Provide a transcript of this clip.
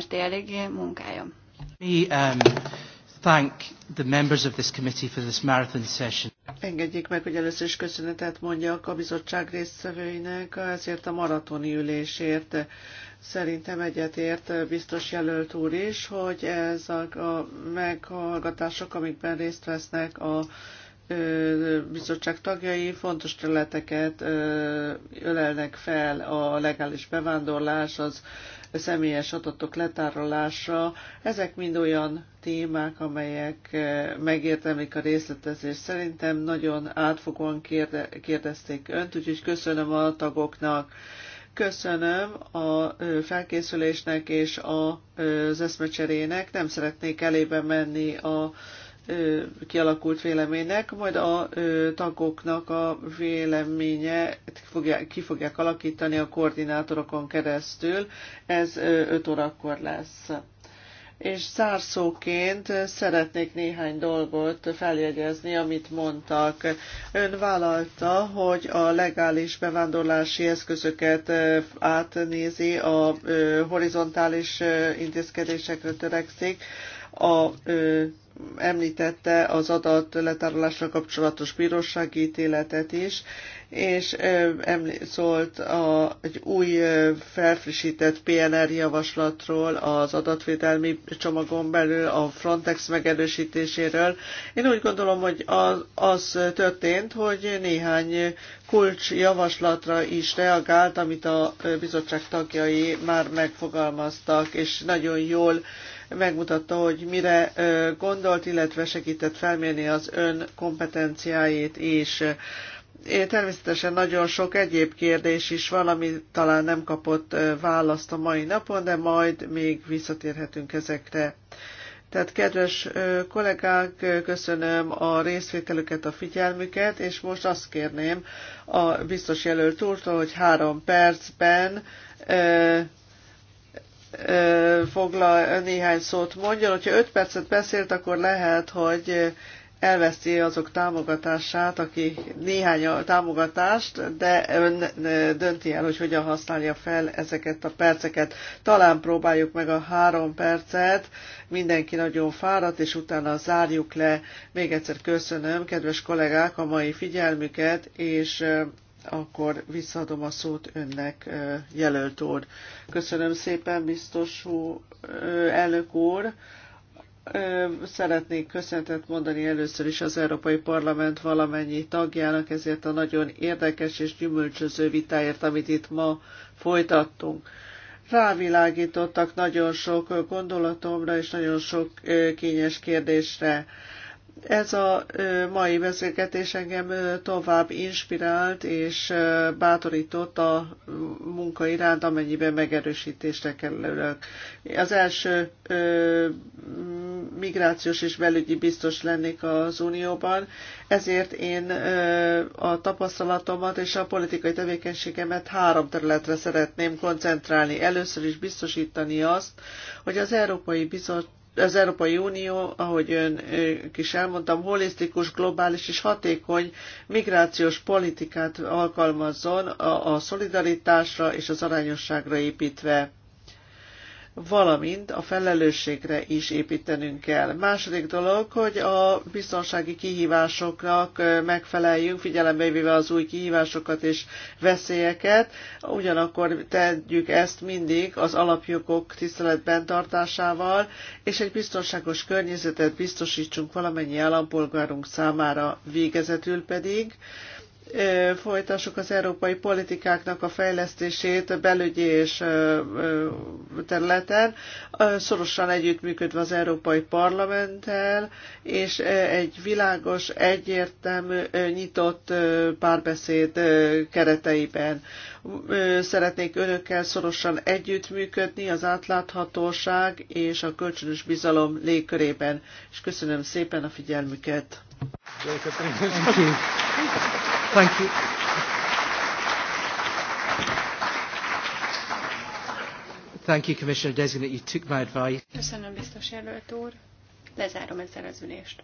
RT eléggé munkája. Me, um, thank the members of this committee for this marathon session. Engedjék meg, hogy először is köszönetet mondjak a bizottság résztvevőinek ezért a maratoni ülésért. Szerintem egyetért biztos jelölt úr is, hogy ezek a meghallgatások, amikben részt vesznek a bizottság tagjai fontos területeket ölelnek fel a legális bevándorlás, az személyes adatok letárolása. Ezek mind olyan témák, amelyek megértemlik a részletezést. Szerintem nagyon átfogóan kérdezték önt, úgyhogy köszönöm a tagoknak. Köszönöm a felkészülésnek és az eszmecserének. Nem szeretnék elébe menni a kialakult véleménynek, majd a tagoknak a véleménye ki fogják alakítani a koordinátorokon keresztül. Ez 5 órakor lesz. És zárszóként szeretnék néhány dolgot feljegyezni, amit mondtak. Ön vállalta, hogy a legális bevándorlási eszközöket átnézi, a horizontális intézkedésekre törekszik a ö, említette az adat letárolásra kapcsolatos bírósági ítéletet is, és említ, szólt a, egy új felfrissített PNR javaslatról az adatvédelmi csomagon belül, a Frontex megerősítéséről. Én úgy gondolom, hogy az, az történt, hogy néhány kulcs javaslatra is reagált, amit a bizottság tagjai már megfogalmaztak, és nagyon jól megmutatta, hogy mire gondolt, illetve segített felmérni az ön kompetenciáit is. Én természetesen nagyon sok egyéb kérdés is van, ami talán nem kapott választ a mai napon, de majd még visszatérhetünk ezekre. Tehát kedves kollégák, köszönöm a részvételüket, a figyelmüket, és most azt kérném a biztos jelölt úrtól, hogy három percben foglal néhány szót mondjon. Hogyha 5 percet beszélt, akkor lehet, hogy elveszti azok támogatását, aki néhány támogatást, de ön dönti el, hogy hogyan használja fel ezeket a perceket. Talán próbáljuk meg a három percet, mindenki nagyon fáradt, és utána zárjuk le. Még egyszer köszönöm, kedves kollégák, a mai figyelmüket, és akkor visszaadom a szót önnek, jelölt úr. Köszönöm szépen, biztos elnök úr. Szeretnék köszöntet mondani először is az Európai Parlament valamennyi tagjának ezért a nagyon érdekes és gyümölcsöző vitáért, amit itt ma folytattunk. Rávilágítottak nagyon sok gondolatomra és nagyon sok kényes kérdésre. Ez a mai beszélgetés engem tovább inspirált és bátorított a munka iránt, amennyiben megerősítésre kerülök. Az első migrációs és belügyi biztos lennék az Unióban, ezért én a tapasztalatomat és a politikai tevékenységemet három területre szeretném koncentrálni. Először is biztosítani azt, hogy az Európai Bizottság az Európai Unió, ahogy ön is elmondtam, holisztikus, globális és hatékony migrációs politikát alkalmazzon a, a szolidaritásra és az arányosságra építve valamint a felelősségre is építenünk kell. Második dolog, hogy a biztonsági kihívásoknak megfeleljünk, figyelembe véve az új kihívásokat és veszélyeket, ugyanakkor tegyük ezt mindig az alapjogok tiszteletben tartásával, és egy biztonságos környezetet biztosítsunk valamennyi állampolgárunk számára végezetül pedig folytassuk az európai politikáknak a fejlesztését belügyi és területen, szorosan együttműködve az Európai Parlamenttel, és egy világos, egyértelmű, nyitott párbeszéd kereteiben. Szeretnék önökkel szorosan együttműködni az átláthatóság és a kölcsönös bizalom légkörében. És köszönöm szépen a figyelmüket. Thank you. Thank you. Thank you, Commissioner Designate. You took my advice. Köszönöm, biztos jelölt úr. Lezárom ezzel az ülést.